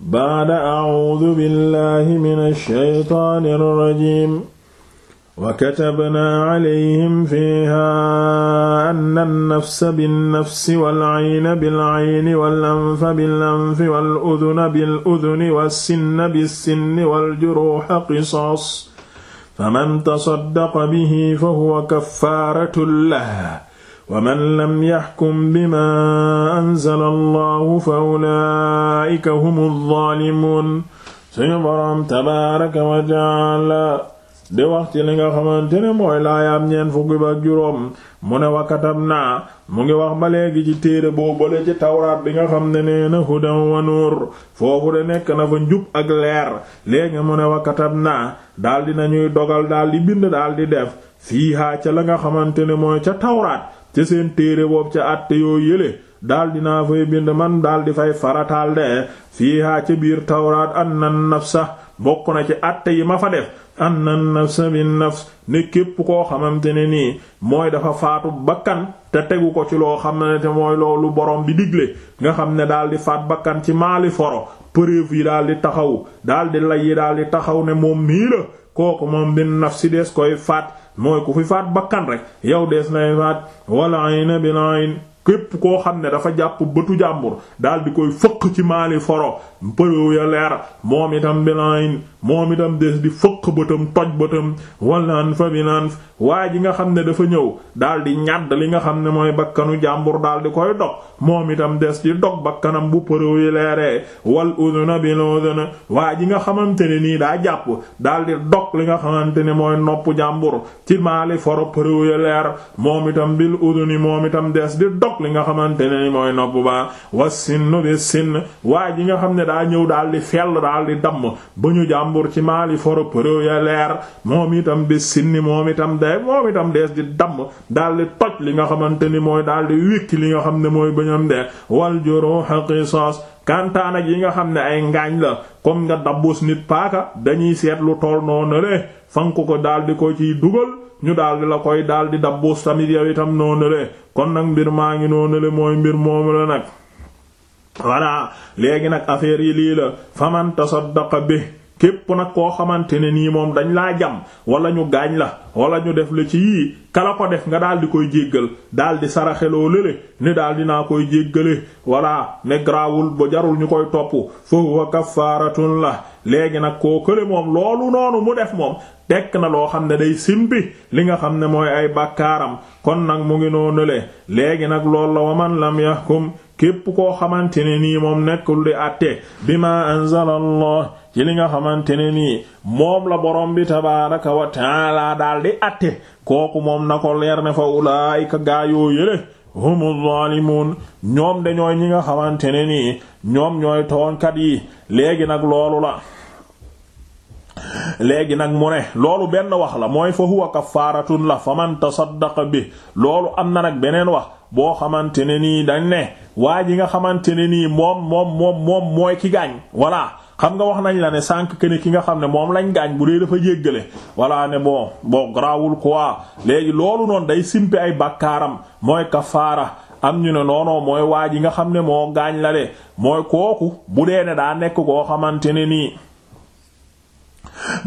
baada acuudu billahi min alsheytaani alrajim wa katabnaa calayhim fiiha anna alnafsa binnafsi walcayna bilcayni walanfa bilanfi waluduna biluduni wassinna bissinni waljuruuxa qisaas faman tasaddaqa bihi fahuwa kafaaratu lah wa man lam yaxkum bimaa anzala allahu fa ulaa'ika humu zaalimuun suñu boroom tabaaraka wa ta'aala di wax ci li nga xamante ne mooy laayaam ñeent fukki ba juróom mu ne wakatab naa mu ngi wax ba léegi ci téere boo bale ci tawraat bi nga xam ne nee na hudan wa nuur foofu de nekk na fa njub ak leer léegi mu ne wakatab naa daal di ñuy dogal daal di bind daal di def fiihaa ca la nga xamante ne mooy ca tawraat ci seen téere boobu ca àtte yoo yële daal dinaa fay bind man daal di fay farataal de fiihaa ca biir tawraat anna sax bokk na ci àtte yi ma fa def anna nafsa bin nafs ne képp koo xamante ne nii mooy dafa faatu bakkan te tegu ko ci loo xamante ne mooy loolu borom bi digle nga xam ne daal di faat bakkan ci maali foro preuve yi daal di taxaw daal di lay yi daal di taxaw ne moom mii la kooku moom bin nafsi des koy faat mooy ku fi faat bakkan rek yow dees nay faat wala ayna bil ayn képp koo xam ne dafa jàpp bëtu jàmbur daal di koy fëq ci maali foro mpërow ya leer moom itam bil ayn moom itam des di fëq bëtam toj bëtam wala an fa bi naan waa ji nga xam ne dafa ñëw daal di ñàdd li nga xam ne mooy bakkanu jàmbur daal di koy dog moom itam des di dog bakkanam bu përëw yi leeree waa ji nga xamante ne nii daa jàpp daal di dog li nga xamante ne mooy nopp jàmbur ci maali foro përëw yi leer moom itam bil uduni moom itam des di dog li nga xamante ne ni mooy nopp ba wa sinnu bi sinn waa ji nga xam ne daa ñëw daal di fell daal di damm ba ñu jàmbur jàmbur ci maali foro përëw ya leer moom itam bi sinni moom itam day moom itam dees di damm daal di toj li nga xamante ni mooy daal di wékki li nga xam ne mooy bëñam de wal juruha qisas kantaan ak yi nga xam ne ay ngaañ la comme nga dabbus nit paaka dañuy seetlu lu tool noonu le fanku ko daal di ko ciy dugal ñu daal la koy daal di dabbus tamit yow itam noonu le kon nag mbir maa ngi noonu le mooy mbir moomu la nag voilà léegi nag affaire yi lii la faman tasaddaqa képp nag koo xamante ne nii moom dañ laa jam wala ñu gaañ la wala ñu def la ci yii kala ko def nga daal di koy jéggal daal di saraxeloo lële ne daal naa koy jéggale wala ne graawul ba jarul ñu koy topp fa huwa la léegi nag koo kële moom loolu noonu mu def moom tekk na loo xam ne day simpi li nga xam ne mooy ay bàkkaaram kon nag mu ngi le léegi nag lool la waman lam yahkum képp koo xamante ne nii moom nekkul di àtte bima anzalallah ci li nga xamante ne nii moom la borom bi tabaaraka wa taala daal di atte kooku moom na ko leer ne fa ulaayika gaa yoo yële humu zalimun ñoom de ñi nga xamante ne nii ñoom ñooy tooñkat yi léegi nag loolu la léegi nag mu ne loolu benn wax la mooy fa huwa kafaaratun la faman tasaddaqa bi loolu am na nag beneen wax boo xamante ne nii dañ ne waa ji nga xamante ne nii moom moom moom mooy ki gaañ voilà xam nga wax nañ la ne sànq que ki nga xam ne moom lañ gaañ bu dee dafa jéggale walla ne boo boo garaawul quoi léegi loolu noon day simpi ay bàkkaaram mooy kafaara am ñu ne noonoo mooy waa yi nga xam ne moo gaañ la de mooy kooku bu dee ne daa nekk koo xamante ne nii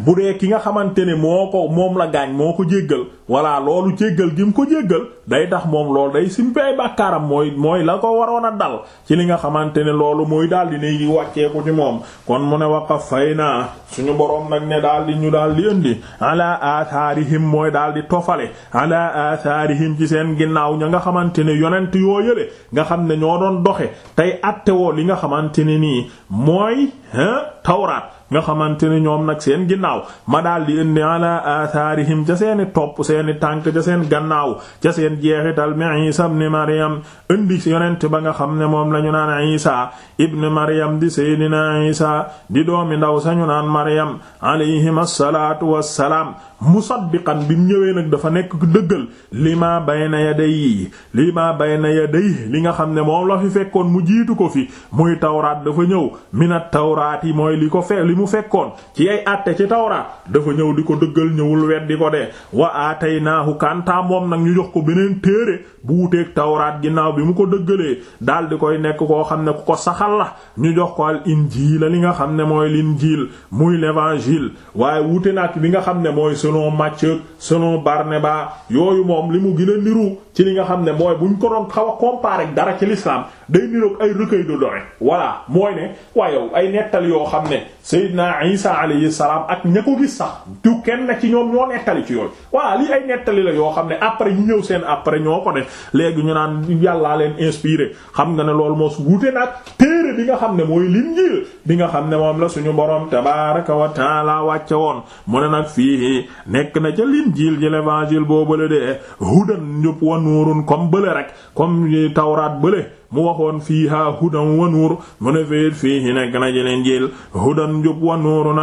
bu dee ki nga xamante ne moo ko moom la gaañ moo ko jéggal walla loolu jéggal gi mu ko jéggal day tax moom loolu day simpi ay bàkkaaram mooy mooy la ko waroon a dal ci li nga xamante ne loolu mooy daal di ne wàcceeku ci moom kon mu ne wax naa suñu boroom nag ne daal di ñu daal di indi ala athaarihim mooy daal di tofale ala athaarihim ci seen ginnaaw ña nga xamante ne yonent yoo yële nga xam ne ñoo doon doxe tey attewoo li nga xamante ne nii mooy tawraat nga xamante ne ñoom nag seen ginnaaw ma daal di indi ala atharihim ca seeni topp seeni tànk ca seen gannaaw ca seen jeexital mi Isa ibn Maryam indi yonent ba nga xam ne moom la ñu naan Isa ibn Maryam di Seydina Isa di doomi ndaw sañu naan Maryam alayhim assalaatu wassalaam musaddiqan bi ñëwee nag dafa nekk dëggal li ma bayna yadayhi li ma bayna yadayhi li nga xam ne moom la fi fekkoon mu jiitu ko fi muy tawraat dafa ñëw mina tawraat yi mooy li ko fe mu fekkoon ci ay àtte ci tawraat dafa ñëw di ko dëggal ñëwul weddi ko de wa aataynaahu kanta moom nag ñu jox ko beneen téere bu wuteeg tawraat ginnaaw bi mu ko dëggalee daal di koy nekk koo xam ne ku ko saxal la ñu jox ko al injiil li nga xam ne mooy l'injiil muy l'évangile waaye wuute nag bi nga xam ne mooy selon Matthieu selon Barnabas yooyu moom li mu gën a niru ci li nga xam ne mooy buñ ko doon xaw a dara ci l'islam day niroog ay recueil do données voilà mooy ne waaye yow ay nettali yoo xam ne Seydina Isa alayhi salaam ak ña ko gis sax du kenn ci ñoom ñoo nettali ci yooyu voilà lii ay nettali la yoo xam ne après ñu ñëw seen après ñoo ko def léegi ñu naan yàllaa leen inspiré xam nga ne loolu moo su wuute nag téere bi nga xam ne mooy Linjiil bi nga xam ne moom la suñu borom tabaaraka wa taala wàcce woon mu ne nag nekk na ca ji l'évangile woon nuurun comme bële rek comme tawraat bële mu waxoon fiiha hudan wa nuur mu ne feet fiihi nekk na ci linjiil hudan njub wa nuurun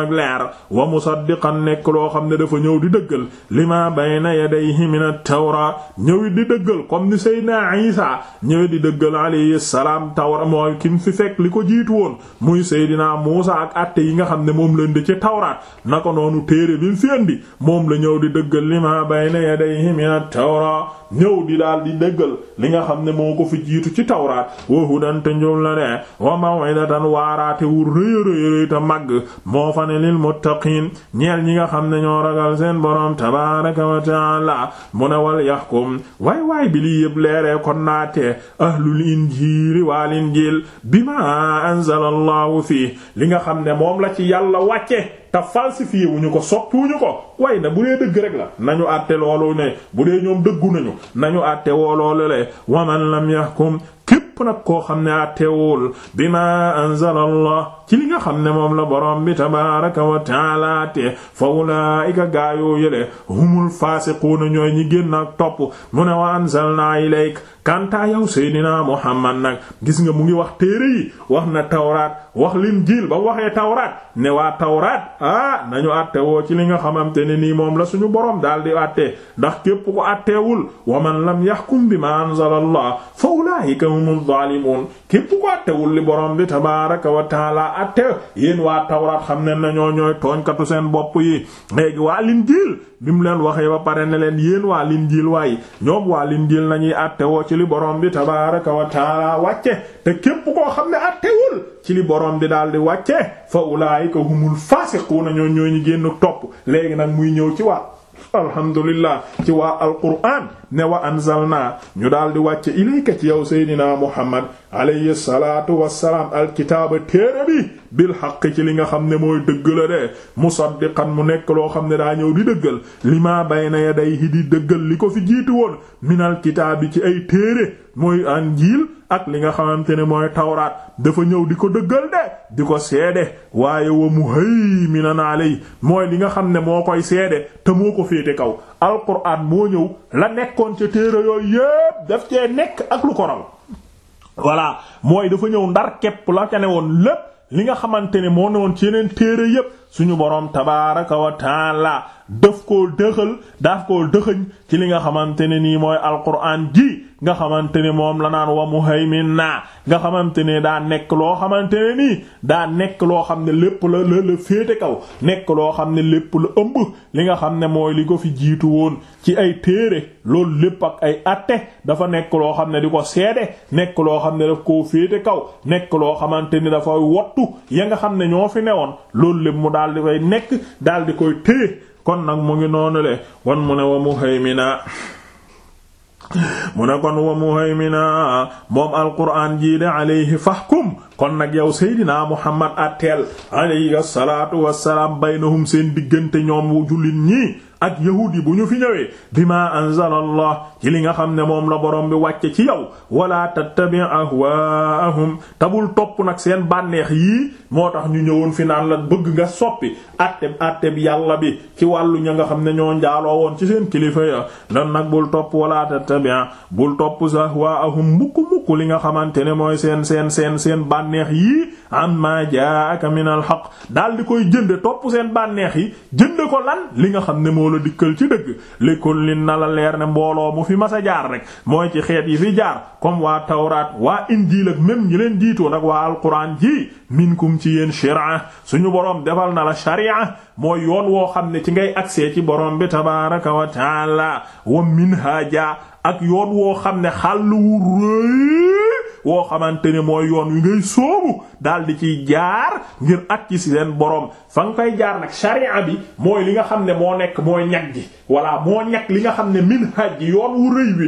nekk loo xam ne dafa ñëw di dëggal lima bayna yadayhi min at-tawra ñëwit di dëggal comme ni seydina isa ñëwit di dëggal alayhi salaam tawra mooy kim fi fekk li ko jiitu woon muy seydina muusa ak atte yi nga xam ne moom lañ di ci tawraat na ko noonu téere bi mu fi moom la ñëw di dëggal lima bayna yadayhi min at-tawra ñëw di daal di déggal li nga xam ne moo ko fi jiitu ci tawraat wa hudan te njëw la ne wa maw'idatan waaraate wu rëy rëy rëy te màgg moo fa ne lil muttaqiin ñeel ñi nga xam ne ñoo ragal seen borom tabaaraka wa ta'aala mu ne wal yahkum waay waay bi lii yëpp leeree kon naatee ahlul injiili wal injiil bimaa anzala fii li nga xam ne moom la ci yàlla wàcce ndax falsifié wuñu ko soppiwuñu ko way na bu dee dëgg rek la nañu àtte loolu ne bu dee ñoom dëggu nañu nañu àtte wooloolu le waman lam képp nag koo xam ne àttewul bima anzala Allah ci li nga xam ne moom la borom bi tabaaraka wa taala te fa ulaa'ika gaayoo yële humul faasiquuna ñooy ñi génn ak topp mu ne wa anzalnaa ilayk kantaa yow seydinaa muhammad nag gis nga mu ngi wax téere yi wax na tawraat wax linjiil ba waxee tawraat ne waa tawraat ah nañu àtte woo ci li nga xamante ne nii moom la suñu borom daal di àtte ndax képp ko àtteewul wa man lam yahkum bimaa anzalallah fa ulaa'ika humuz zaalimuun képp ko àttewul li borom bi tabaaraka atte yéen waa tawraat xam ne nañoo ñooy ñooy tooñkatu seen bopp yi léegi waa linjiil bi mu leen waxee ba pare ne leen yéen waa linjiil waaye ñoom waa linjiil nañuy atte woo ci li boroom bi tabaaraka wa taala wàcce te képp koo xam ne attewul ci li borom bi daal di wàcce fa ulaayika humul faasiquuna ñoo ñoo ñu génn topp léegi nag muy ñëw ci waa alhamdulillah ci waa alquraan ne wa anzalna ñu daal di wàcce ilayka ci yow seydinaa muhammad alayhi salaatu wassalaam alkitaaba téere bi bil xaq ci li nga xam ne mooy dëgg la de musaddiqan mu nekk loo xam ne daa ñëw di dëggal li maa bayna yadayhi di dëggal li ko fi jiitu woon minal kitaab bi ci ay téere mooy anjiil ak li nga xamante ne mooy tawraat dafa ñëw di ko dëggal de di ko seede waaye wa muhayminan alay mooy li nga xam ne moo koy seede te moo ko féete kaw alquraan moo ñëw la nekkoon ca téere yooyu yépp def cee nekk ak lu ko raw voilà mooy dafa ñëw ndar képp la ca ne woon lépp li nga xamante ne moo ne woon ci yeneen téere yépp suñu boroom tabaaraka wa taala daf koo dëxal daf koo dëxëñ ci li nga xamante ne nii mooy alquran ji nga xamante ne moom la naan wa muhaymin naa nga xamante ne daa nekk loo xamante ne nii daa nekk loo xam ne lépp la la féete kaw nekk loo xam ne lépp la ëmb li nga xam ne mooy li ko fi jiitu ci ay téere loolu lépp ak ay atte dafa nekk loo xam ne di ko seede nekk xam ne daf koo féete nekk loo xamante ni dafay wottu ya nga xam ne ñoo fi newoon loolu lépp mu daal di koy nekk daal di koy téye kon nag mu ngi noonu le wan mu ne wa muhaymina mu ne kon wa muhaymina moom alquraan jii de alayhi fahkum kon nag yow seydinaa muhammad atteel alayhi salaatu wassalaam baynahum seen diggante ñoom wu jullit ak yahuud yi bu ñu fi ñëwee bima anzala allah ci li nga xam ne moom la borom bi wàcce ci yow wala tattabi ahwaahum tabul topp nag seen bànneex yii moo tax ñu ñëwoon fi la bëgg nga soppi atteb atteb yàlla bi ci wàllu ña nga xam ne ñoo njaaloo woon ci seen kilifa ya lan nag bul topp wala tattabi bul topp ahwaahum mukk mukk li nga xamante ne mooy seen seen seen seen bànneex yii amma jaaka min al haqq daal di koy jënde topp seen bànneex yi jënd ko lan li nga xam ne moo la dikkal ci dëgg li kullin na la leer ne mbooloo mu fi mas a jaar rek mooy ci xeet yi fi jaar comme waa tawraat waa injiil ak même ñi leen jiitoon ak waa alquran ji minkum ci yéen shari'a suñu boroom defal na la shari'a mooy yoon woo xam ne ci ngay accès ci borom bi tabaaraka wa ta'ala wa minhaaja ak yoon woo xam ne xàll wu woo xamante ne mooy yoon wi ngay soobu daal di ciy jaar ngir at ci seen borom fa nga koy jaar nag sharia bi mooy li nga xam ne moo nekk mooy ñag ji walla moo ñag li nga xam ne minhaj ji yoon wu rëy wi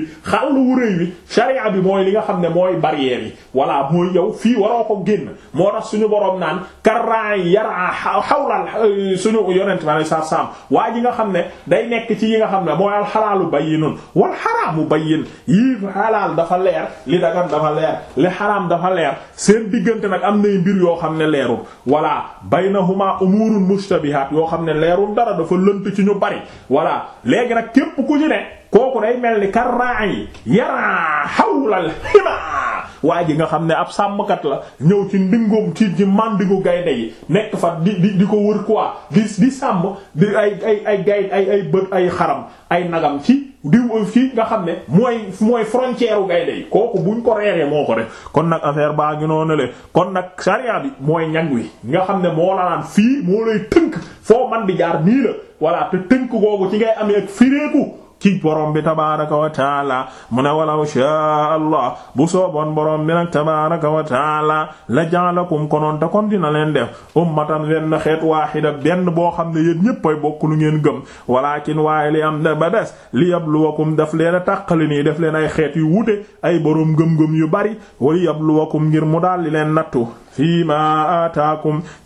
wu rëy wi sharia bi mooy li nga xam ne mooy barrière yi walla mooy yow fii waroo ko génn moo tax suñu borom naan karran yara xawlal euh, suñu yonent ma ne sa saam waa ji nga xam ne day nekk ci yi nga xam ne mooy alxalaalu bayyinun wal xaraamu bayyin yii xalaal dafa leer li dagan dafa leer li xaraam dafa leer seen diggante nag am nay mbir yoo xam ne leerul walla baynahuma umurun mushtabihat yoo xam ne leerul dara dafa lënt ci ñu bari walla léegi nag képp ku ci ne kooku day mel ni karra'i yara hawla al hima waa ji nga xam ne ab sàmmkat la ñëw ci ndingoom ci ci mandigu gaynde yi nekk fa di di di ko wër quoi di di sàmm di ay ay ay gay ay ay bët ay xaram ay nagam ci diw fii nga xam ne mooy mooy frontière u gaynde yi kooku buñ ko reeree moo ko rek kon nag affaire baa ngi noonu le kon nag sariya bi mooy ñag wi nga xam ne moo la naan fii moo lay tënk foo man bi jaar nii la voilà tënk googu ci ngay amee ak fireeku ci borom bi tabaaraka wa taala mu ne walaw shaa allah bu sooboon borom bi nag tabaaraka wa taala la ja'alakum konoon ta kon dina leen def ummatan wenn xeet waahida benn boo xam ne yéen ñépp ay bokk lu ngeen gëm walaakin waaye li am da ba des li yabluwakum daf leen a tàqali nii def leen ay xeet yu wute ay borom gëm-gëm yu bari wa li yabluwakum ngir mu daal li leen nattu fii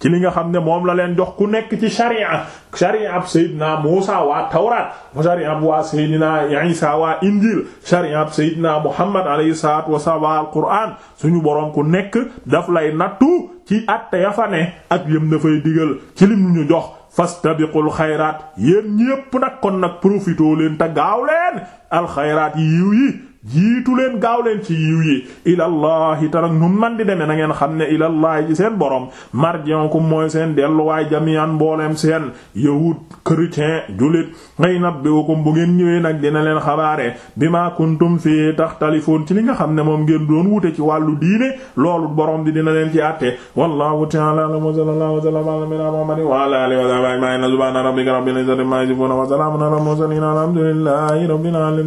ci li nga xam ne moom la leen jox ku nekk ci sharia sharia ab sayyidina Muusa waa tawraat sharia ab waa sayyidina Isa waa injil sharia ab sayyidina Muhammad alayhi salaatu wa salaam waa alquraan suñu boroom ku nekk daf lay nattu ci atte ya fa ne ak yëm dafay digal ci lim ñu jox fastabiqul xayraat yéen ñépp nag kon nag profitoo leen te gaaw leen alxayraat yi yiw yi jiitu leen gaaw leen ci yiw yi ilallahi tarak nu man di demee na ngeen xam ne ilallahi ci seen borom marji'ukum mooy seen delluwaay jami'an mbooleem seen yahud chrétien jullit ngay nabbi'ukum bu ngeen ñëwee nag dina leen xabaare bima kuntum fi taxtalifoon ci li nga xam ne moom ngeen doon wute ci wàllu diine loolu borom bi dina leen ci àtte wallahu ta'ala wa sallallahu wa sallama ala nabiyyina muhammadin wa ala alihi